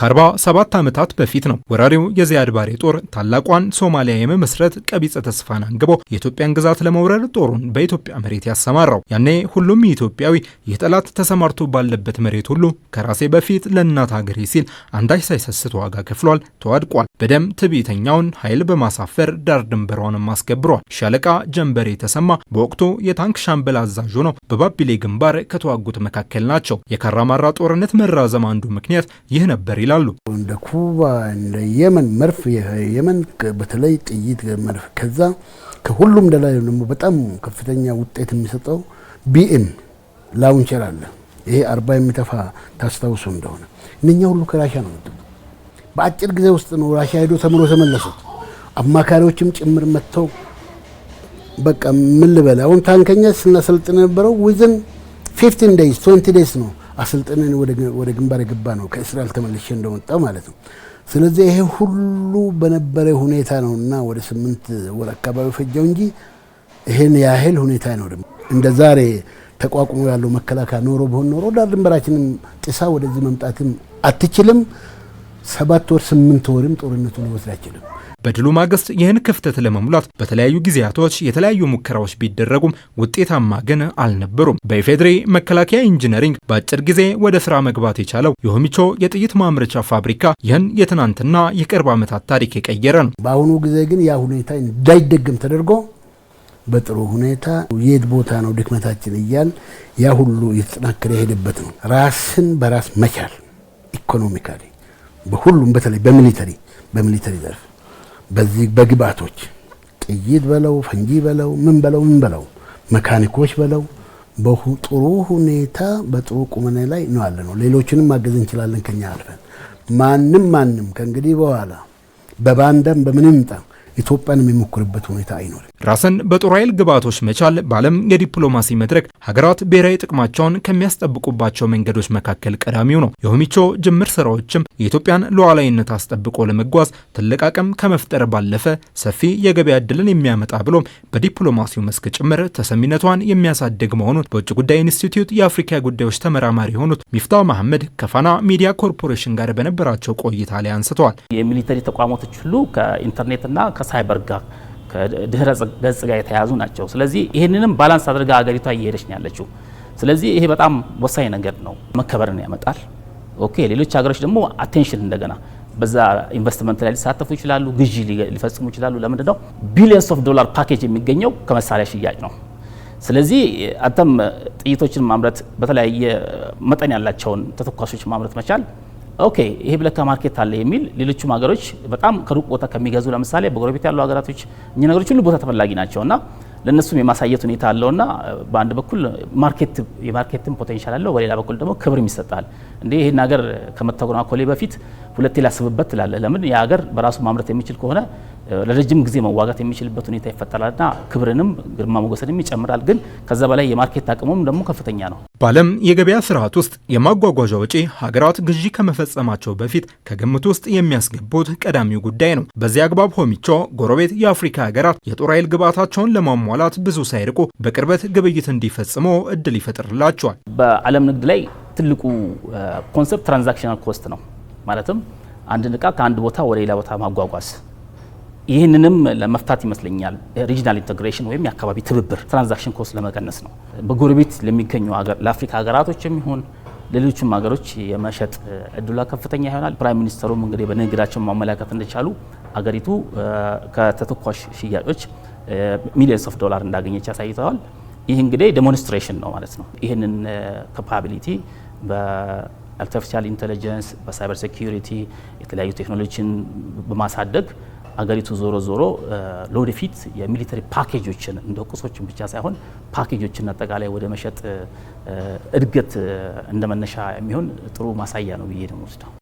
ከአርባ ሰባት ዓመታት በፊት ነው ወራሪው የዚያድ ባሬ ጦር ታላቋን ሶማሊያ የመመስረት ቀቢጸ ተስፋን አንግቦ የኢትዮጵያን ግዛት ለመውረር ጦሩን በኢትዮጵያ መሬት ያሰማራው። ያኔ ሁሉም ኢትዮጵያዊ ይህ ጠላት ተሰማርቶ ባለበት መሬት ሁሉ ከራሴ በፊት ለእናት ሀገሬ ሲል አንዳች ሳይሰስት ዋጋ ከፍሏል፣ ተዋድቋል። በደም ትዕቢተኛውን ኃይል በማሳፈር ዳር ድንበሯንም አስገብሯል። ሻለቃ ጀንበሬ ተሰማ በወቅቱ የታንክ ሻምበል አዛዥ ሆነው። በባቢሌ ግንባር ከተዋጉት መካከል ናቸው። የካራማራ ጦርነት መራዘም አንዱ ምክንያት ይህ ነበር ይላሉ። እንደ ኩባ እንደ የመን መርፍ የመን በተለይ ጥይት መርፍ ከዛ ከሁሉም ደላይ ደግሞ በጣም ከፍተኛ ውጤት የሚሰጠው ቢኤም ላውንቸር አለ። ይሄ አርባ የሚተፋ ታስታውሱ እንደሆነ እነኛ ሁሉ ከራሻ ነው መጡ። በአጭር ጊዜ ውስጥ ነው ራሻ ሄዶ ተምሮ የተመለሱት። አማካሪዎችም ጭምር መጥተው በቃ ምን ልበል አሁን ታንከኛ ስናሰልጥን የነበረው ዊዝን ፊፍቲን ደይስ ትዌንቲ ደይስ ነው አሰልጥነን ወደ ግንባር የገባ ነው። ከእስራኤል ተመልሼ እንደመጣው ማለት ነው። ስለዚህ ይሄ ሁሉ በነበረ ሁኔታ ነው እና ወደ ስምንት ወር አካባቢ ፈጀው እንጂ ይሄን ያህል ሁኔታ አይኖርም። እንደ ዛሬ ተቋቁሞ ያለው መከላከያ ኖሮ በሆን ኖሮ ዳር ድንበራችንም ጥሳ ወደዚህ መምጣትም አትችልም። ሰባት ወር ስምንት ወርም ጦርነቱ ሊወስድ አይችልም። በድሉ ማግስት ይህን ክፍተት ለመሙላት በተለያዩ ጊዜያቶች የተለያዩ ሙከራዎች ቢደረጉም ውጤታማ ግን አልነበሩም። በኢፌዴሪ መከላከያ ኢንጂነሪንግ በአጭር ጊዜ ወደ ስራ መግባት የቻለው የሆሚቾ የጥይት ማምረቻ ፋብሪካ ይህን የትናንትና የቅርብ ዓመታት ታሪክ የቀየረ ነው። በአሁኑ ጊዜ ግን ያ ሁኔታ እንዳይደግም ተደርጎ በጥሩ ሁኔታ የት ቦታ ነው ድክመታችን እያል ያ ሁሉ የተጠናከረ የሄደበት ነው። ራስን በራስ መቻል ኢኮኖሚካሊ በሁሉም በተለይ በሚሊተሪ በሚሊተሪ ዘርፍ በዚህ በግባቶች ጥይት በለው ፈንጂ በለው ምን በለው ምን በለው መካኒኮች በለው በጥሩ ሁኔታ በጥሩ ቁመና ላይ ነው ያለ ነው። ሌሎችንም ማገዝ እንችላለን ከኛ አልፈን። ማንም ማንም ከእንግዲህ በኋላ በባንዳም በምንም ጣም ኢትዮጵያን የሚሞክርበት ሁኔታ አይኖርም። ራስን በጦር ኃይል ግብዓቶች መቻል በዓለም የዲፕሎማሲ መድረክ ሀገራት ብሔራዊ ጥቅማቸውን ከሚያስጠብቁባቸው መንገዶች መካከል ቀዳሚው ነው። የሆሚቾ ጅምር ስራዎችም የኢትዮጵያን ሉዓላዊነት አስጠብቆ ለመጓዝ ትልቅ አቅም ከመፍጠር ባለፈ ሰፊ የገበያ ዕድልን የሚያመጣ ብሎም በዲፕሎማሲው መስክ ጭምር ተሰሚነቷን የሚያሳድግ መሆኑን በውጭ ጉዳይ ኢንስቲትዩት የአፍሪካ ጉዳዮች ተመራማሪ የሆኑት ሚፍታ መሐመድ ከፋና ሚዲያ ኮርፖሬሽን ጋር በነበራቸው ቆይታ ላይ አንስተዋል። የሚሊተሪ ተቋማቶች ሁሉ ከኢንተርኔትና ከሳይበር ጋር ከድህረ ገጽ ጋር የተያያዙ ናቸው። ስለዚህ ይህንንም ባላንስ አድርጋ ሀገሪቷ እየሄደች ነው ያለችው። ስለዚህ ይሄ በጣም ወሳኝ ነገር ነው፣ መከበርን ያመጣል። ኦኬ ሌሎች ሀገሮች ደግሞ አቴንሽን እንደገና በዛ ኢንቨስትመንት ላይ ሊሳተፉ ይችላሉ፣ ግዢ ሊፈጽሙ ይችላሉ። ለምንድ ነው ቢሊየንስ ኦፍ ዶላር ፓኬጅ የሚገኘው ከመሳሪያ ሽያጭ ነው። ስለዚህ አንተም ጥይቶችን ማምረት፣ በተለያየ መጠን ያላቸውን ተተኳሾች ማምረት መቻል ኦኬ ይሄ ብለካ ማርኬት አለ የሚል ሌሎችም ሀገሮች በጣም ከሩቅ ቦታ ከሚገዙ ለምሳሌ በጎረቤት ያሉ ሀገራቶች እኚ ነገሮች ሁሉ ቦታ ተፈላጊ ናቸው እና ለእነሱም የማሳየት ሁኔታ አለው እና በአንድ በኩል ማርኬት የማርኬትን ፖቴንሻል አለው፣ በሌላ በኩል ደግሞ ክብርም ይሰጣል። እንደ ይህን ሀገር ከመተጎናኮሌ በፊት ሁለቴ ላስብበት ትላለህ። ለምን የሀገር በራሱ ማምረት የሚችል ከሆነ ለረጅም ጊዜ መዋጋት የሚችልበት ሁኔታ ይፈጠራልና ክብርንም ግርማ ሞገስንም ይጨምራል። ግን ከዛ በላይ የማርኬት አቅሙም ደግሞ ከፍተኛ ነው። በዓለም የገበያ ስርዓት ውስጥ የማጓጓዣ ወጪ ሀገራት ግዢ ከመፈጸማቸው በፊት ከግምት ውስጥ የሚያስገቡት ቀዳሚው ጉዳይ ነው። በዚህ አግባብ ሆሚቾ ጎረቤት የአፍሪካ ሀገራት የጦር ኃይል ግብዓታቸውን ለማሟላት ብዙ ሳይርቁ በቅርበት ግብይት እንዲፈጽሙ እድል ይፈጥርላቸዋል። በዓለም ንግድ ላይ ትልቁ ኮንሰፕት ትራንዛክሽናል ኮስት ነው። ማለትም አንድን ዕቃ ከአንድ ቦታ ወደ ሌላ ቦታ ማጓጓዝ ይህንንም ለመፍታት ይመስለኛል ሪጂናል ኢንቴግሬሽን ወይም የአካባቢ ትብብር ትራንዛክሽን ኮስት ለመቀነስ ነው። በጎረቤት ለሚገኙ ለአፍሪካ ሀገራቶችም ይሁን ለሌሎችም ሀገሮች የመሸጥ እድሏ ከፍተኛ ይሆናል። ፕራይም ሚኒስተሩም እንግዲህ በንግዳቸው ማመላከት እንደቻሉ አገሪቱ ከተተኳሽ ሽያጮች ሚሊዮንስ ኦፍ ዶላር እንዳገኘች ያሳይተዋል። ይህ እንግዲህ ዴሞንስትሬሽን ነው ማለት ነው። ይህንን ካፓቢሊቲ በአርቲፊሻል ኢንቴሊጀንስ፣ በሳይበር ሴኪሪቲ የተለያዩ ቴክኖሎጂን በማሳደግ አገሪቱ ዞሮ ዞሮ ለወደፊት የሚሊተሪ ፓኬጆችን እንደ ቁሶችን ብቻ ሳይሆን ፓኬጆችን አጠቃላይ ወደ መሸጥ እድገት እንደመነሻ የሚሆን ጥሩ ማሳያ ነው ብዬ ነው ወስደው